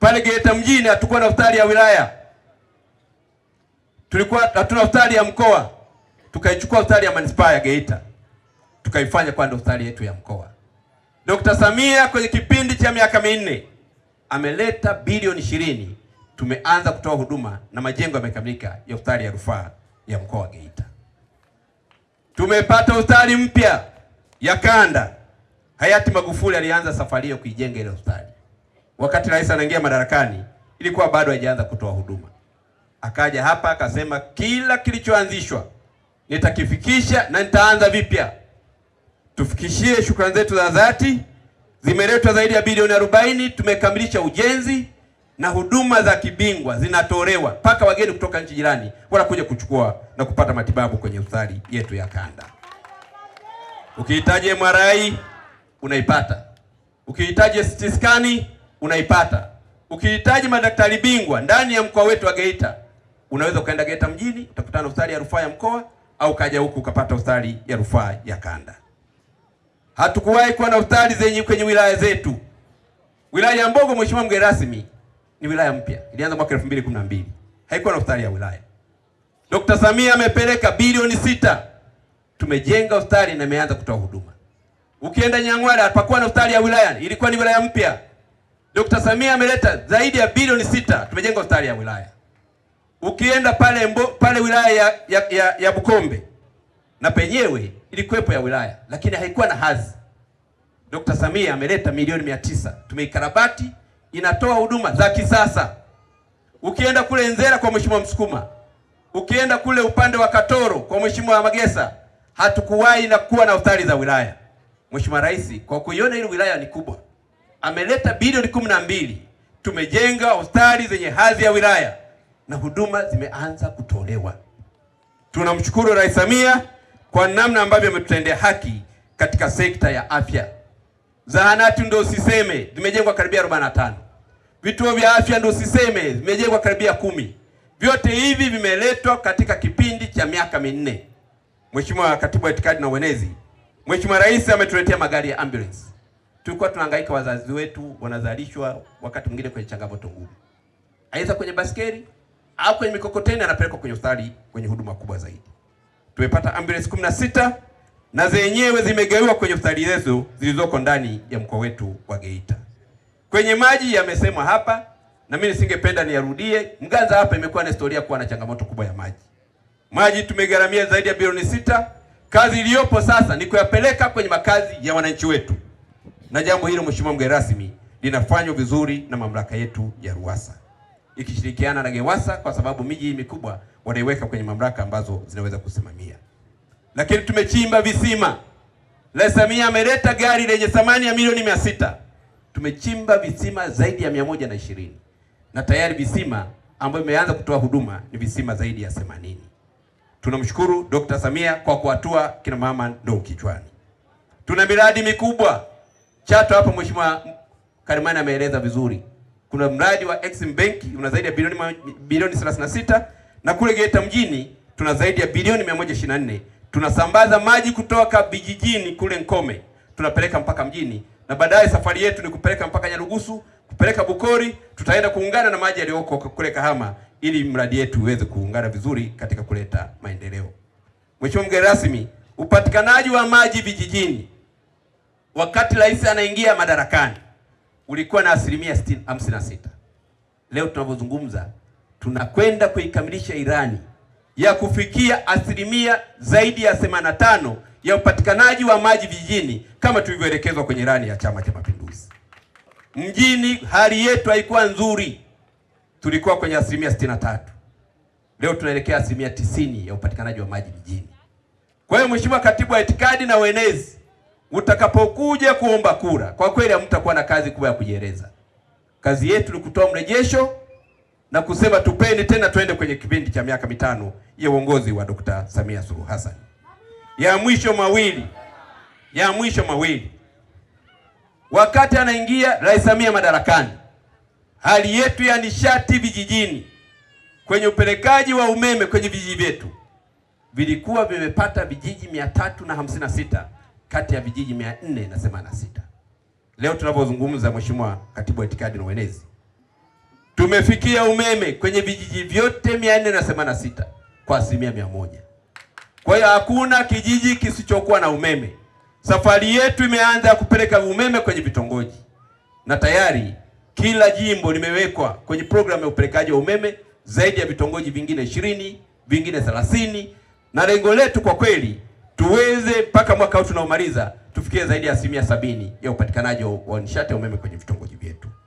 pale Geita mjini hatukuwa na hospitali ya wilaya, tulikuwa hatuna hospitali ya mkoa, tukaichukua hospitali ya manispaa ya Geita tukaifanya kwa ndo hospitali yetu ya mkoa. Dr. Samia kwenye kipindi cha miaka minne ameleta bilioni ishirini, tumeanza kutoa huduma na majengo yamekamilika ya hospitali ya rufaa ya mkoa wa Geita. Tumepata hospitali mpya ya kanda, hayati Magufuli alianza safari hiyo kuijenga ile hospitali wakati rais anaingia madarakani ilikuwa bado haijaanza kutoa huduma. Akaja hapa akasema kila kilichoanzishwa nitakifikisha na nitaanza vipya. Tufikishie shukrani zetu za dhati, zimeletwa zaidi ya bilioni arobaini. Tumekamilisha ujenzi na huduma za kibingwa zinatolewa mpaka wageni kutoka nchi jirani wanakuja kuchukua na kupata matibabu kwenye hospitali yetu ya kanda. Ukihitaji MRI unaipata, ukihitaji CT scan unaipata. Ukihitaji madaktari bingwa ndani ya mkoa wetu wa Geita, unaweza ukaenda Geita mjini utakutana hospitali ya rufaa ya mkoa, au kaja huku ukapata hospitali ya rufaa ya kanda. Hatukuwahi kuwa na hospitali zenye kwenye wilaya zetu. Wilaya ya Mbogo, mheshimiwa mgeni rasmi, ni wilaya mpya, ilianza mwaka 2012 haikuwa na hospitali ya wilaya. Dr. Samia amepeleka bilioni sita, tumejenga hospitali na imeanza kutoa huduma. Ukienda Nyang'wale hapakuwa na hospitali ya wilaya, ilikuwa ni wilaya mpya. Dkt. Samia ameleta zaidi ya bilioni sita, tumejenga hospitali ya wilaya. Ukienda pale mbo, pale wilaya ya, ya, ya, ya Bukombe na penyewe ilikuwepo ya wilaya lakini haikuwa na hadhi. Dkt. Samia ameleta milioni mia tisa, tumeikarabati inatoa huduma za kisasa. Ukienda kule Nzera kwa Mheshimiwa Msukuma, ukienda kule upande wa Katoro kwa Mheshimiwa Magesa, hatukuwahi na kuwa na hospitali za wilaya. Mheshimiwa Rais, kwa kuiona ile wilaya ni kubwa ameleta bilioni kumi na mbili. Tumejenga hospitali zenye hadhi ya wilaya na huduma zimeanza kutolewa. Tunamshukuru Rais Samia kwa namna ambavyo ametutendea haki katika sekta ya afya. Zahanati ndio usiseme zimejengwa karibia 45. Vituo vya afya ndio usiseme vimejengwa karibia kumi. Vyote hivi vimeletwa katika kipindi cha miaka minne. Mheshimiwa Katibu wa Itikadi na Uenezi, Mheshimiwa Rais ametuletea magari ya ambulance tulikuwa tunahangaika, wazazi wetu wanazalishwa wakati mwingine kwenye changamoto ngumu, aidha kwenye baskeli au kwenye mikokoteni, anapelekwa kwenye hospitali kwenye huduma kubwa zaidi. Tumepata ambulance 16 na zenyewe zimegeuka kwenye hospitali zetu zilizoko ndani ya mkoa wetu wa Geita. Kwenye maji yamesemwa hapa, na mimi nisingependa niyarudie. Mganza hapa imekuwa na historia kuwa na changamoto kubwa ya maji. Maji tumegharamia zaidi ya bilioni sita. Kazi iliyopo sasa ni kuyapeleka kwenye makazi ya wananchi wetu na jambo hilo mheshimiwa mgeni rasmi linafanywa vizuri na mamlaka yetu ya RUWASA ikishirikiana na GEWASA kwa sababu miji hii mikubwa wanaiweka kwenye mamlaka ambazo zinaweza kusimamia. Lakini tumechimba visima. Rais Samia ameleta gari lenye thamani ya milioni mia sita. Tumechimba visima zaidi ya mia moja na ishirini na tayari visima ambayo imeanza kutoa huduma ni visima zaidi ya 80. Tunamshukuru Dr. Samia kwa kuatua kina mama ndo kichwani. Tuna miradi mikubwa Chato hapa Mheshimiwa Karimani ameeleza vizuri. Kuna mradi wa Exim Bank una zaidi ya bilioni bilioni 36 na kule Geita mjini tuna zaidi ya bilioni 124. Tunasambaza maji kutoka vijijini kule Nkome, tunapeleka mpaka mjini na baadaye safari yetu ni kupeleka mpaka Nyarugusu, kupeleka Bukori, tutaenda kuungana na maji yaliyoko kule Kahama ili mradi yetu uweze kuungana vizuri katika kuleta maendeleo. Mheshimiwa mgeni rasmi, upatikanaji wa maji vijijini wakati rais anaingia madarakani ulikuwa na asilimia sita. Leo tunavyozungumza tunakwenda kuikamilisha irani ya kufikia asilimia zaidi ya tano ya upatikanaji wa maji vijijini kama tulivyoelekezwa kwenye irani ya Chama cha Mapinduzi. Mjini hali yetu haikuwa nzuri, tulikuwa kwenye asilimia tatu. Leo tunaelekea asilimia tisini ya upatikanaji wa maji vijijini. Kwa hiyo, Mheshimiwa Katibu wa Itikadi na Uenezi utakapokuja kuomba kura, kwa kweli hamtakuwa na kazi kubwa ya kujieleza. Kazi yetu ni kutoa mrejesho na kusema tupeni tena, twende kwenye kipindi cha miaka mitano ya uongozi wa Dr. Samia Suluhu Hassan. Ya mwisho mawili, ya mwisho mawili, wakati anaingia Rais Samia madarakani, hali yetu ya nishati vijijini kwenye upelekaji wa umeme kwenye vijiji vyetu vilikuwa vimepata vijiji mia tatu na hamsini na sita kati ya vijiji sita. Leo tunavyozungumza, Mheshimiwa Katibu wa Itikadi na Uenezi, tumefikia umeme kwenye vijiji vyote sita kwa asilimia mia moja. Kwa hiyo hakuna kijiji kisichokuwa na umeme. Safari yetu imeanza ya kupeleka umeme kwenye vitongoji, na tayari kila jimbo limewekwa kwenye programu ya upelekaji wa umeme zaidi ya vitongoji vingine ishirini, vingine thelathini, na lengo letu kwa kweli tuweze mpaka mwaka huu tunaomaliza tufikie zaidi ya asilimia sabini ya upatikanaji wa nishati ya umeme kwenye vitongoji.